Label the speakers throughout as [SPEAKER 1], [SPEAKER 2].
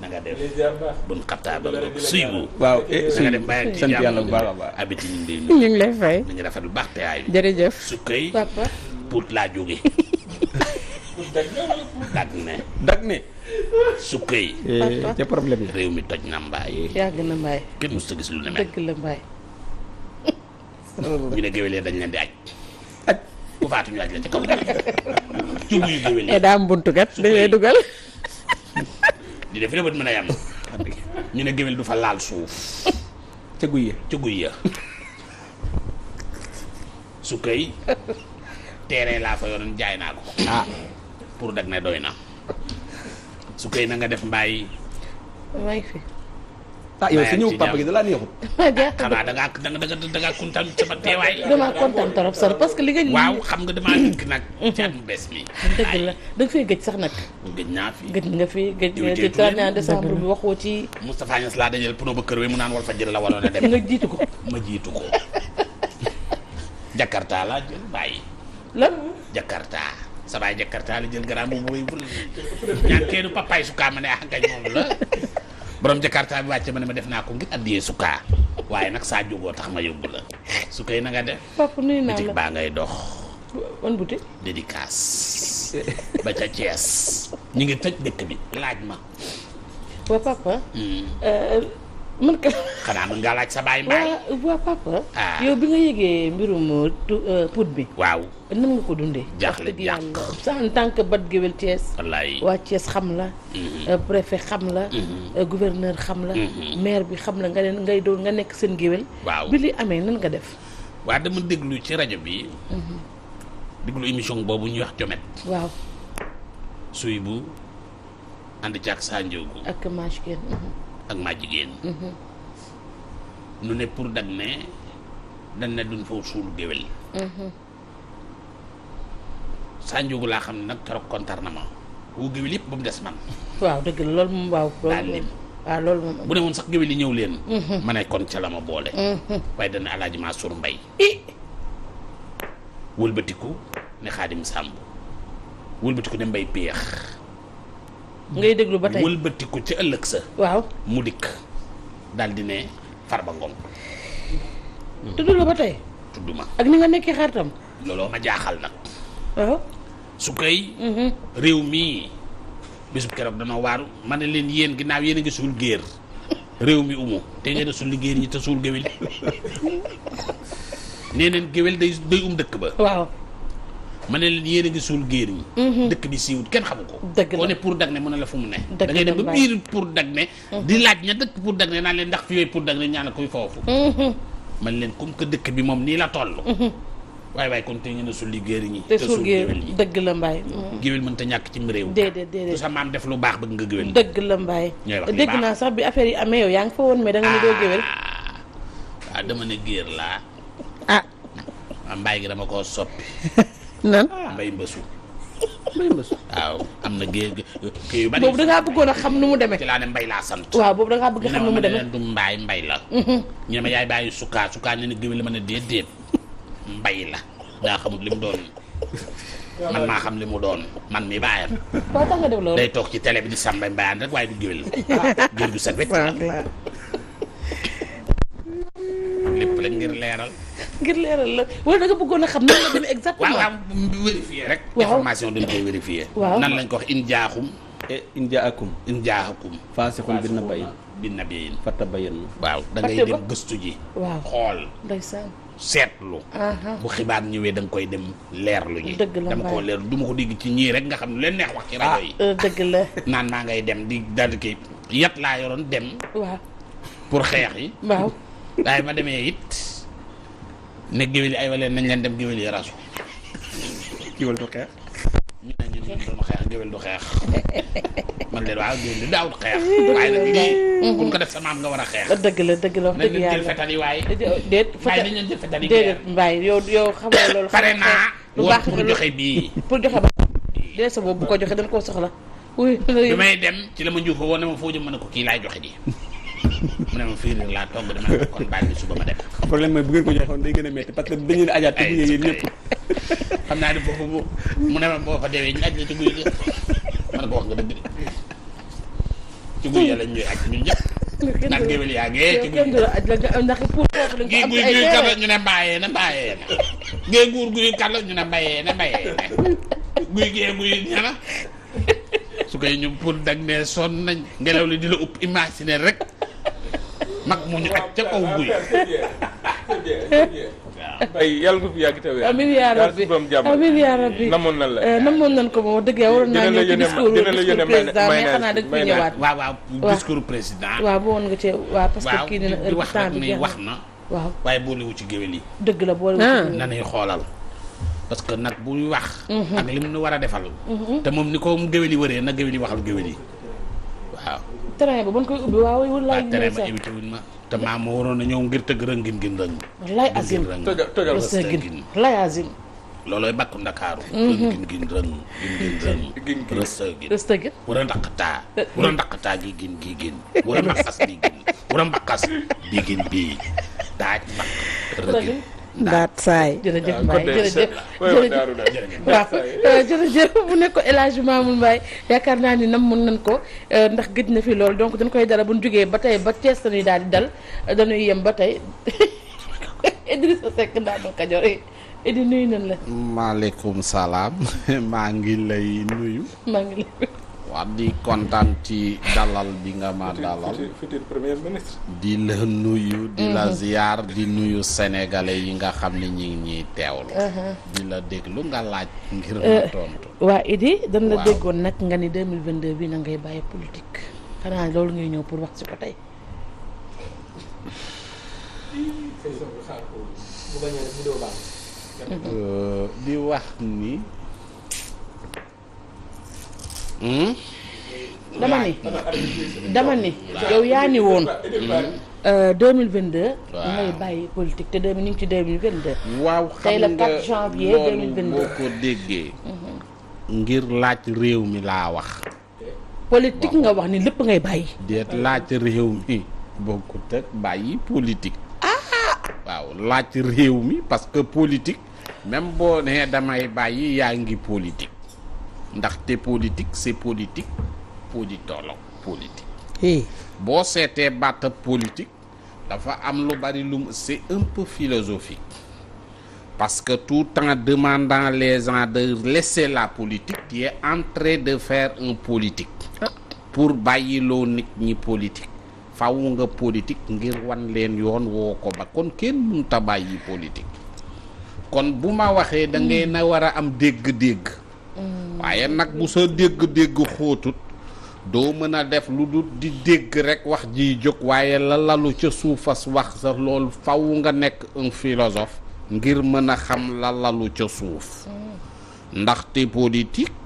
[SPEAKER 1] na nga def bun xataa ba nga suy bu waaw eh, eh, eh. na nga def bàyyi ak sant yàlla bu a baax abiti ñu lay ñu ngi lay fay ñu ngi rafet bu baax te ay jërëjëf su koy papa puut laa jóge dag ne dag ne su koy te problème yi réew mi toj na mbaay yàgg na mbaay kenn mosut a gis lu ne mel dëgg la mbaay ñu ne géwélee dañ leen di kat dañ lay dugal ñu def rëbët mën a yem ñu ne géwél du fa laal suuf ca guy ya ca guy ya su koy terrain laa fa yoroon jaay naa ko ah pour dag ne doy na su koy na nga def mbaay
[SPEAKER 2] ah yow sa ñëw papa que li nga. waaw xam nga da nga fay gëj sax nag. gëj fi gëj nga fi gëj nga ci ci.
[SPEAKER 1] Moustapha Niass laa dajal pono ba kër we a dem. nga jiitu ko ma ko. Jakarta laa jël bàyyi. lan Jakarta. sabaay la jël garaam bu booy bu ñaan kenn su kaa ah kañ moom la. borom jakarta bi wàcce ma ne ma def naa ko ngir addiyee sukkaa waaye nag saa jógoo tax ma yóbbu la su koy na def
[SPEAKER 2] papa nuyu naa baa
[SPEAKER 1] ngay dox wan boutique dédicace ba ca Thiès ñu ngi tëj dëkk bi laaj ma wa papa hmm. euh, mën ka xanaa mën ngaa laaj sa baay mbaay waa papa ah.
[SPEAKER 2] yow bi nga yëgee mbirum euh, put bi waaw nan nga ko dundee jaaxle yàq sax en tant que bat géwél Thiès waa Thiès xam la mhm. euh, préfet xam la mhm. euh, gouverneur xam la mhm. maire bi xam la nga leen ngay doon nga nekk seen géwél waaw bi li amee nan nga def
[SPEAKER 1] waa dama déglu ci rajo bi déglu émission boobu ñuy wax jomet waaw suy bu ànd ci ak Sa Ndiogou
[SPEAKER 2] ak Machkeen
[SPEAKER 1] ak maa jigéen mhm. nu ne pour dag me dañ ne duñ foofu suulu géwél mhm. saa njugu laa xam ne nag torop kontar na ma wu géwél yëpp ba mu des man
[SPEAKER 2] waaw dëgg loolu moom waaw bu ne
[SPEAKER 1] woon sax géwél yi ñëw leen mhm. ma ne kon ca la ma boole waaye dana alaaji Mansour Mbay wëlbatiku ne xaadim sàmb wëlbatiku ne mbay péex ngay déglu ba tey wëlbatiku ci ëllëg sa. waaw mu dikk daal di ne Farba Ngom. tudd la ba tey. tudd ma
[SPEAKER 2] ak ni nga nekkee xaritam.
[SPEAKER 1] looloo ma jaaxal nag. su koy. Mhm. réew mii bisu keroog danoo waaru ma ne leen yéen ginnaaw yéen a ngi suul géer réew mi umu te ngeen a suul géer yi te suul géwél nee neen géwél day day um dëkk ba. waaw. ma ne leen yéen a ngi suul géer ñi mhm. dëkk bi siiwut kenn xamu ko pour dag ne mu ne la fu mu ne da ngay dem ba biir pour dag ne mhm. di laaj ndax fi pour dag ne ñaan la koy foofu mhm. man leen comme que dëkk bi moom nii la toll waaye waaye kon te ngeen a sulli géer ñi
[SPEAKER 2] dëgg la mbaay
[SPEAKER 1] géwél mën ta ñàkk ci réew déedéet sa maam def lu baax bëgg nga géwél
[SPEAKER 2] dëgg la mbaay dégg naa sax bi affaire yi amee yow yaa ngi fa woon mais da ne doo géwél
[SPEAKER 1] waaw ah, ah, dama ne géer laa ah. ah mbaay gi dama koo soppi nan mbay mbësu mbay mbësu waaw am na géej gi yu bari boobu da ngaa a xam nu mu demee ci laa ne mbay laa sant
[SPEAKER 2] waaw boobu da ngaa bëgg xam nu mu demee
[SPEAKER 1] du mbaay mbay la mhm. ñu ne ma yaay bàyyi sukkaa sukkaa ne ne géwél la ma ne déet déet mbay la daa xamut li mu doon man maa xam li mu doon man mi bàyyam waaw tax day toog ci télé bi di sàmbay mbayaan rek waaye du géwél la gu set rek lépp la ngir leeral.
[SPEAKER 2] ngir leeral la wala da nga bëggoon a xam nan la demee exactement. waaw waaw
[SPEAKER 1] vérifier rek. information dañ koy vérifier. waaw nan lañ ko wax in jaaxum. et in jaakum. in jaakum. faasixun bi nabayin bi nabayin fatabayin waaw da ngay dem gëstu ji. waaw xool. ndeysaan. seetlu. bu xibaar ñëwee da koy dem leerlu ji. dëgg la dama koo leerlu du ma ko digg ci ñii rek nga xam ne leen neex wax ci rajo ah, euh, dëgg la. naan maa ngay dem di daal di yat laa yoroon dem. waaw pour xeex yi. waaye ma demee it ne géwél yi ay waleen nañ leen dem géwél yi rasu géwél du xeex ñu ne ñu ne doon xeex géwél du xeex nag def sa maam war a xeex
[SPEAKER 2] dëgg la dëgg la wax dëgg yàlla nañ leen jël fetal yi waaye déet waaye mbaay yow yow xam nga pare naa lu baax
[SPEAKER 1] pour joxe bii pour joxe ba dee sa boobu bu ko joxe dañ koo soxla oui may dem ci la ma njuufa woon ne ma foo jëm mën a ko kii laay joxe ji mu ne ma fii la laa togg dama ne kon bàyyi suba ma dem. problème mooy bu ngeen ko joxoon day gën a métti parce que dañu ne ajaat tëgg yéen naa ne foofu mu ne ma guy de ci guy ya lañ ñuy aj ñun ñëpp. ndax géwél yaa ngi ci guy
[SPEAKER 2] ndax ñu
[SPEAKER 1] ne mbaayee na mbaayee na géey guur guy kala ñu ne mbayee na mbayee na guy gee guy ñana su koy ñu pour dag ne sonn nañ ngelaw li di la upp imaginer rek mag mu ñu aj ca guy ay yàlla fi yàgg tawee amiin yaa rabbi amiin yaa rabbi namoon nan la eh,
[SPEAKER 2] namoon nan ko moom wax dëgg yaa waroon naa ñëw ci discours discours président mais xanaa da nga fi ñëwaat waaw
[SPEAKER 1] waaw discours président
[SPEAKER 2] waaw boo woon nga ci waaw parce que kii dina heure bi temps wax na waaw
[SPEAKER 1] waaye boolewu ci géwél yi
[SPEAKER 2] dëgg la boolewu ci ah. nanuy
[SPEAKER 1] xoolal parce que nag buy wax mhm. ak li mu nu war a defal mhm. te moom ni ko mu géwél yi wëree na géwél yi waxal géwél yi waaw.
[SPEAKER 2] terrain bi bu ñu koy ubbi waaw walaay. ñu ngi seet
[SPEAKER 1] ma te maa ma waroon na ñëw ngir tëgg rëngin ngin rëngin. walaay azim tëjal tëjal walaay azim. loolooy bakku ndakaaru. Mhm. gin gin rëng gin gin rëng. gin gin rëstëgin rëstëgin. wala ndaqataa. Eh. wala ndaqataa gi gin gi gin. wala mbaqas bi gin wala mbaqas bi gin bii
[SPEAKER 2] ndaat saay jërëjëf ah, Mbaye jërëjëf waaw jërëjëf bu euh, nekk ko El Hadj Mamoun yaakaar naa ni nam mën nañ ko euh, ndax gëj na fi loolu donc dañ koy dara bu ñu jógee ba tey ba Cees dañuy daal di dal dañuy yem ba tey Idrissa Seck ndaanoo Kajoor Idi nuyu nañ la.
[SPEAKER 1] maaleykum salaam maa ngi lay nuyu. maa ngi lay waaw di kontaan ci dalal bi nga ma dalal futur premier ministre di la nuyu di la mhm. ziar di nuyu sénégalais yi nga xam ne ñi ngi ñuy teewlu mhm. di la déglu nga laaj ngir ma euh, tontu waa
[SPEAKER 2] Idi dañ la déggoon nag nga ni 2022 bi na ngay bàyyi politique xanaa loolu ngay ñëw pour
[SPEAKER 1] wax ci ko tey euh, di wax ni dama ni dama ni yow yaa ni woon.
[SPEAKER 2] 2022. Euh, waaw ngay bàyyi politique te deux mille ñu ngi ci 2022. waaw xam nga tey la 4 janvier 2022 boo ko
[SPEAKER 1] déggee. ngir laaj réew mi laa wax.
[SPEAKER 2] politique nga wax ni lépp ngay bàyyi.
[SPEAKER 1] déet laaj réew mi bokkut ak bàyyi politique. Ah! waaw laaj réew mi parce que politique même boo nee damay bàyyi yaa ngi politique. ndaxte politique c'est politique politologue politique. boo seetee bàttab politique dafa am lu bari lu c'est un peu philosophique parce que tout temps demandant les gens de laisser la politique tu es de faire un politique ah. pour bàyyiloo nit ñi politique faw nga politique ngir wan leen yoon woo ko ba kon kenn mënut a bàyyi politique kon bu ma waxee da ngay hmm. na war a am dégg-dégg Mm. waaye nag bu sa dégg-dégg xóotut doo mën a def lu dul di dégg rekk wax jiy jóg waaye la lalu ca suufas wax sa loolu faw nga nekk un philosophe ngir mën a xam la lalu ca suuf
[SPEAKER 2] mm.
[SPEAKER 1] ndaxte politique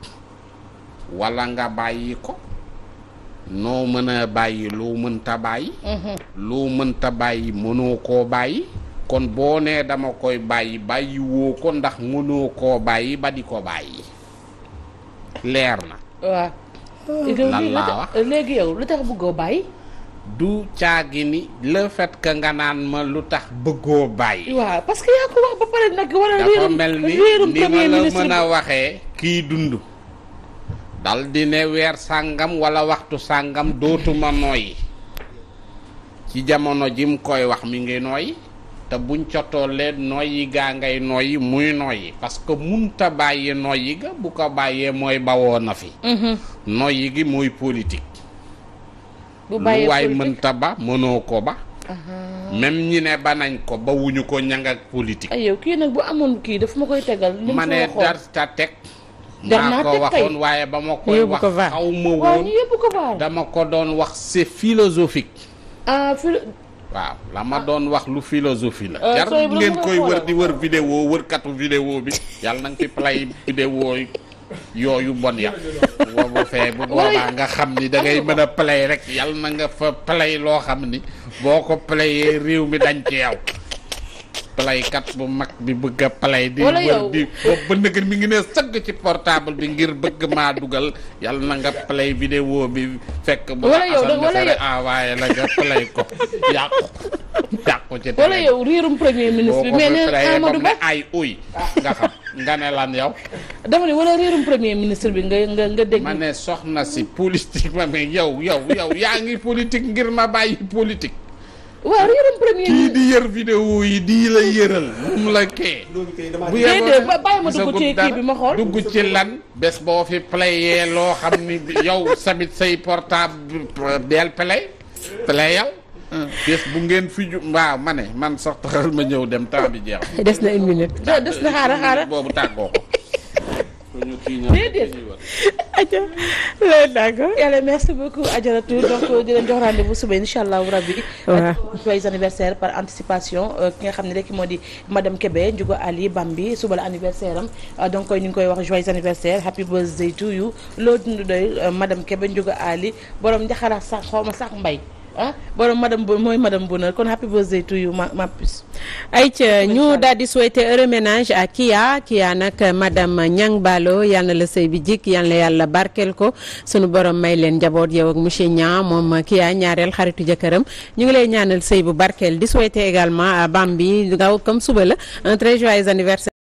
[SPEAKER 1] wala nga bàyyi ko noo mën a bàyyi loo mënta bàyyi mm-hmm. loo mënta bàyyi mënoo ko bàyyi kon boo nee dama koy bàyyi bàyyiwoo ko ndax mënoo koo bàyyi ba di ko bàyyi leer na.
[SPEAKER 2] Ah. lan laa wax léegi yow lu tax bëggoo bàyyi.
[SPEAKER 1] du caagi ni le fait nga naan ma lu tax bëggoo bàyyi.
[SPEAKER 2] waaw parce que yaa ko wax ba pare nag. wala réerum dafa mel ni ni ma la mën a
[SPEAKER 1] waxee. kii dund. daldi ne weer sàngam wala waxtu sàngam dootuma nooyi. ci jamono jim koy wax mi ngi nooyi. te buñ ca tollee noyyi gaa ngay noyyi muy noyyi parce que munta bàyyi noyyi ga bu ko bàyyee mooy bawoo na fi mhm. noyyi gi mooy politique lu waay mënta ba mënoo ko ba même ñi ne ba nañ ko ba wuñu ko ñang ak
[SPEAKER 2] ay yow kii nag bu amoon kii dafa ma koy tegal ma ne dar ta teg maa ko waxoon
[SPEAKER 1] waaye ba ma koy wax xaw ma woon dama ko doon wax c'est philosophique ah waaw la ma doon wax lu philosophie la. Euh, jar ngeen koy wër di wër vidéo wërkatu katu bi yàlla na nga fi play vidéo yooyu bon ya boobu fee bu boobaa nga xam ni dangay ngay mën rek yàlla na nga fa play loo xam ni boo ko playee réew mi dañ ci yow. palaykat bu mag bi bëgg a palay di wër di boobu ba nëgën ci portable bi ngir bëgg maa dugal yàlla na nga palay vidéo bi fekk bu la asan defaree envoyé la nga palay ko yàqu yàqu ci wala yow
[SPEAKER 2] yow dama premier
[SPEAKER 1] ministre bi ma ne soxna si politique ma mais yow yow yaa ngi politique ngir ma bàyyi politique waaw yërëm kii di yër vidéo yi di la yëral moom la kee. bu yeboo bàyyi ma dugg ci bi ma xool dugg ci lan. bés boo fi playé loo xam ni yow samit say portable del play playal. bés bu ngeen fi ju waaw ma ne man sax taxal ma ñëw dem temps bi jeex.
[SPEAKER 2] des na une minute.
[SPEAKER 1] des na xaaral xaaral boobu tàggoo ko.
[SPEAKER 2] aja loolu d'accord yàlla merci beaucoup Adjaratou donc euh, di leen jox rendez-vous suba incha allahu rabbi euh, joyeux anniversaire par anticipation euh, ki nga xam ne rek moo di madame Kébé Ndiougo Ali Bambi suba la anniversaire am donc ñu ngi koy wax joyeux anniversaire happy birthday to you loo dund doy madame kebe Ndiougo Ali borom njaxara sax xaw ma sax mbay ah borom madame bo mooy madame Bonheur kon happy birthday to you ma ma ay ayca ñu daal di souhaiter heureux ménage à Kia Kia nag madam Niang Balo yal na la sëy bi jik yal na yàlla barkel ko sunu borom may leen njaboot yow ak monsieur Niang moom Kia ñaareel xaritu jëkkëram ñu ngi lay ñaanal sëy bu barkeel di souhaiter également à Bambi gaaw comme suba la un très joyeux